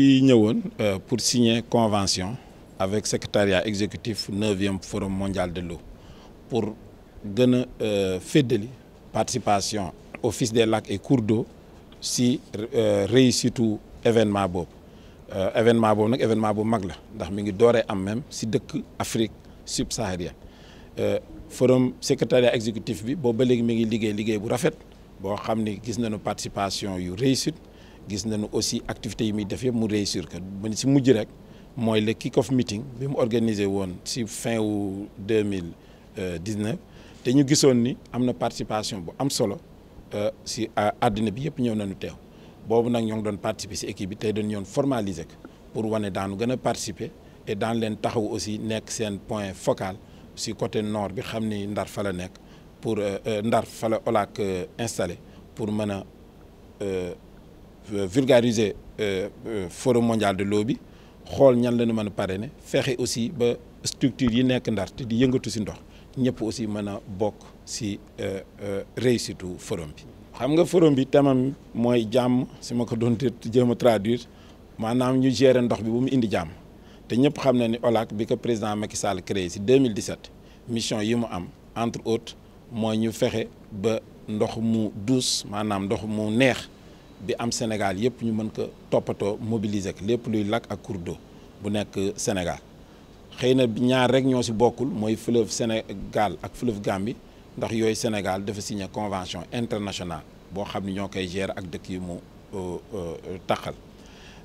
Euh, pour signer convention avec secrétariat exécutif 9 9e forum mondial de l'eau pour donner la euh, participation au Fils des lacs et cours d'eau si euh, réussit tout événement l'événement. événement bob un événement bu mag la ndax mi ngi am même si dëkk Afrique subsaharienne forum secrétariat exécutif bi bo ba légui mi ngi liggéey liggéey bu rafet bo gis nañu participation yu réussite gis nañu aussi activité yi muy def yëpp mu réussir que ba si mujj rek mooy le kick-off meeting bi mu organisé woon si fin wu 2019. mille te ñu gisoon ni am na participation bu am solo si euh, euh, àddina bi yëpp ñëw nañu teew boobu nag ñoo ngi doon participer si équipe bi tey dañu ñoon formaliser ko pour wane daanu gën a participer et daan leen taxaw aussi nekk seen point focal si côté nord bi xam ni Ndar fa la nekk pour euh, Ndar fa la OLAC installé pour mën a. Euh, vulgariser euh, euh, forum mondial de lobby, bi xool ñan la ñu mën a parrainer fexe aussi ba structure yi nekk Ndar te di yëngatu si ndox ñëpp aussi mën a bokk si réussite forum bi. xam nga forum bi tamam moy jàmm si ma ko doon jéem traduire manam ñu gérer ndox bi bu mu indi jàmm te ñëpp xam na ni OLAC bi ko président Macky Sall créé ci 2017 mission yi mu am entre autres moy ñu fexé ba ndox mu douce manam ndox mu neex bi am Sénégal yépp ñu mën ko topato mobiliser ak lépp luy lac ak cour d'eau bu nek Sénégal xeyna na ñaar rek ñoo ci bokul moy fleuve Sénégal ak fleuve Gambie ndax yoy Sénégal dafa signé convention internationale bo xamni ne ñoo koy gérer ak dëkk yi mu euh, euh, taxal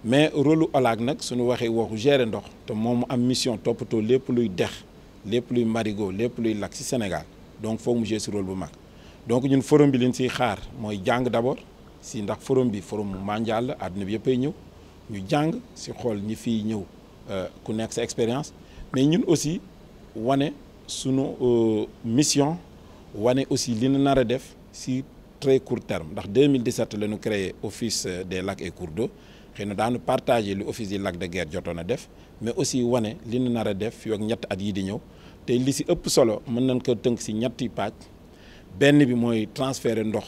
mais rôle OLAC nak suñu waxé waxu gérer ndox te mom am mission topato lépp luy dex lépp luy marigot lépp luy lac ci Sénégal donc foog mu jouer ce rôle bu mag donc ñun forum bi liñ ci xaar moy jang d'abord si ndax forum bi forum mondial la àdduna bi yëppay ñëw ñu jang si xol ñi fiy ñëw euh, ku nekk sa expérience mais ñun aussi wane sunu euh, mission wane aussi li ñu def si très court terme ndax 2017 la ñu office des lacs et cours d'eau xëy na daanu l'Office lu office lac de guerre jotona def mais aussi wane li ñu nar a def yoog ñett at yi di ñëw te li ci ëpp solo mën nañ ko tënk si ñetti pàcc benn bi mooy transférer ndox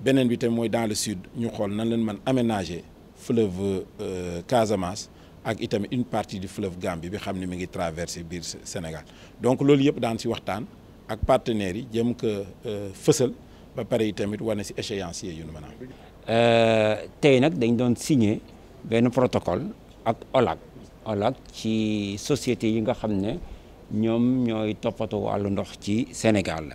benen bi tamit mooy dans le sud ñu xol nan leen man aménager fleuve euh, Casamance ak itamit une partie du fleuve Gambie bi xam mi ngi traverser biir Sénégal donc loolu yépp daan ci waxtaan ak partenaires yi jëm ko euh, fësal ba pare tamit wone ci échéancier yu nu mën a euh, tey dañ doon signer ben protocole ak OLAC OLAC ci société yi nga xamné ñom ñoy ñooy toppatoo ndox ci Sénégal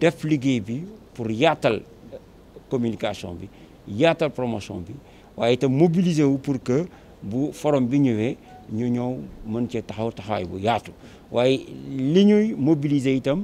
def liggéey bi pour yaatal communication bi yaatal promotion bi waaye itam mobiliser wu pour que bu forum bi ñëwee ñu ñëw mën cee taxaw taxawaay bu yaatu waaye li ñuy mobiliser itam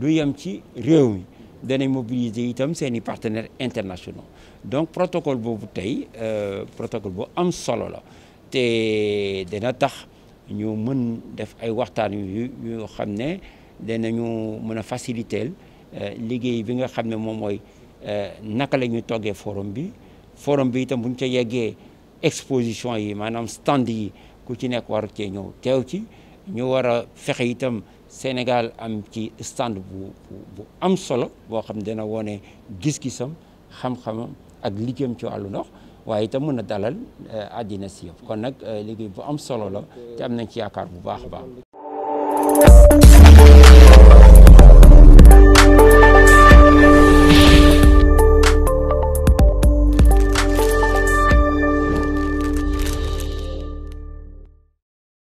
du yem ci réew mi danañ mobiliser itam seen i partenaires internationaux donc protocole boobu tey euh, protocole bu am solo la te dina tax ñu mën def ay waxtaan yu yoo xam ne danañu mën a faciliter euh, liggéey bi nga xam ne moom mooy euh, naka la ñuy toggee forum bi forum bi itam bu ñu ca yeggee exposition yi maanaam stand yi ku ci nekk war cee ñëw teew ci ñu war a fexe itam Sénégal am ci stand bu bu am solo boo xam ne dana wone gis-gisam xam-xamam ak liggéeyam ci wàllu ndox waaye itam mën a dalal euh, àddina si yëpp kon nag liggéey bu am solo la te am nañ ci yaakaar bu baax a baax.